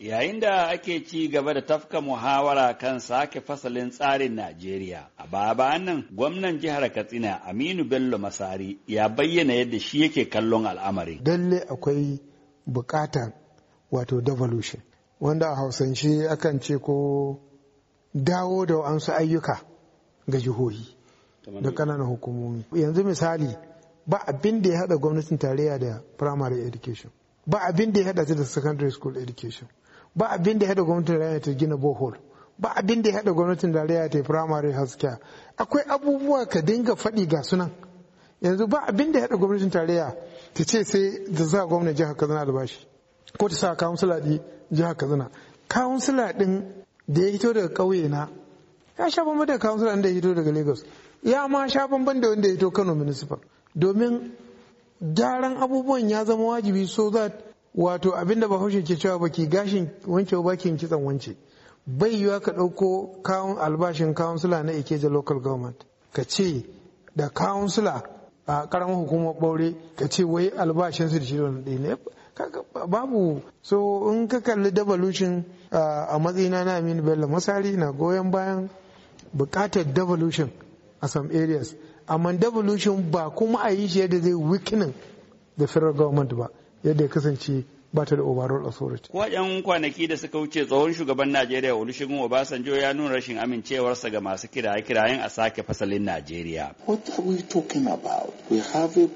Yayin da ake ci gaba da tafka muhawara kan sake fasalin tsarin Najeriya, a baba nan gwamnan jihar Katsina Aminu Bello Masari ya bayyana yadda shi yake kallon al'amari. Dalle akwai bukatar wato devolution, wanda a hausance akan ce ko dawo da wa'ansu ayyuka ga jihohi da ƙananan hukumomi. Yanzu misali ba abin da ya haɗa gwamnatin tarayya da primary education, ba abin da ya haɗa da secondary school education. ba abin da ya haɗa gwamnatin tarayya ta gina bohol ba abin da ya haɗa gwamnatin tarayya ta yi firamare haskiya akwai abubuwa ka dinga faɗi ga sunan yanzu ba abin da ya haɗa gwamnatin tarayya ta ce sai da za gwamnan jihar kaduna albashi ko ta sa kawun suladi jihar kaduna kawun suladin da ya hito daga ƙauye na ya sha bamban da kawun suladin da ya hito daga lagos ya ma sha bamban da wanda ya hito kano municipal domin gyaran abubuwan ya zama wajibi so that wato abinda ba hushe ke cewa baki gashin wanke bakin kitsan wance bai yiwa ka ɗauko kawun albashin kawunsula na ikeja local government ka ce da kawunsula a karamar hukumar ɓaure ka ce wai albashin su da shi ne babu so in ka kalli devolution a matsayina na aminu bello masari na goyon bayan bukatar devolution a some areas amma devolution ba kuma a yi shi yadda zai weakening the federal government ba yadda ya kasance ba ta da overall authority. Ko yan kwanaki da suka wuce tsohon shugaban Najeriya Olusegun Obasanjo ya nuna rashin amincewarsa ga masu kiraye-kirayen a sake fasalin Najeriya. What are we talking about? We have a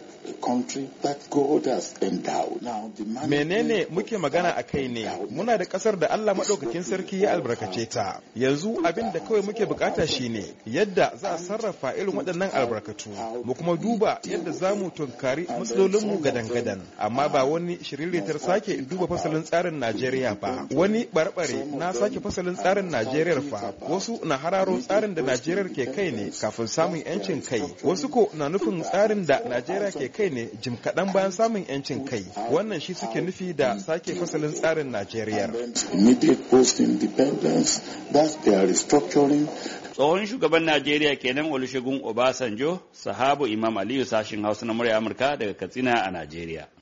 Menene muke magana a kai ne, muna da ƙasar da Allah maɗaukakin sarki ya albarkace ta. Yanzu abin da kawai muke bukata ne yadda za a sarrafa irin waɗannan albarkatu, mu kuma duba yadda za mu tunkari matsalolinmu gadan-gadan, amma ba wani shiriritar sake duba fasalin tsarin Najeriya ba. Wani barbare na sake fasalin tsarin Najeriya fa, wasu na hararo tsarin da Najeriya ke kai ne kafin samun 'yancin kai, wasu ko na nufin tsarin da Najeriya ke kai ne jim kaɗan bayan samun 'yancin kai wannan shi suke nufi da sake fasalin tsarin najeriya tsohon shugaban najeriya kenan olusegun obasanjo sahabu imam aliyu sashin hausa na murya amurka daga katsina a najeriya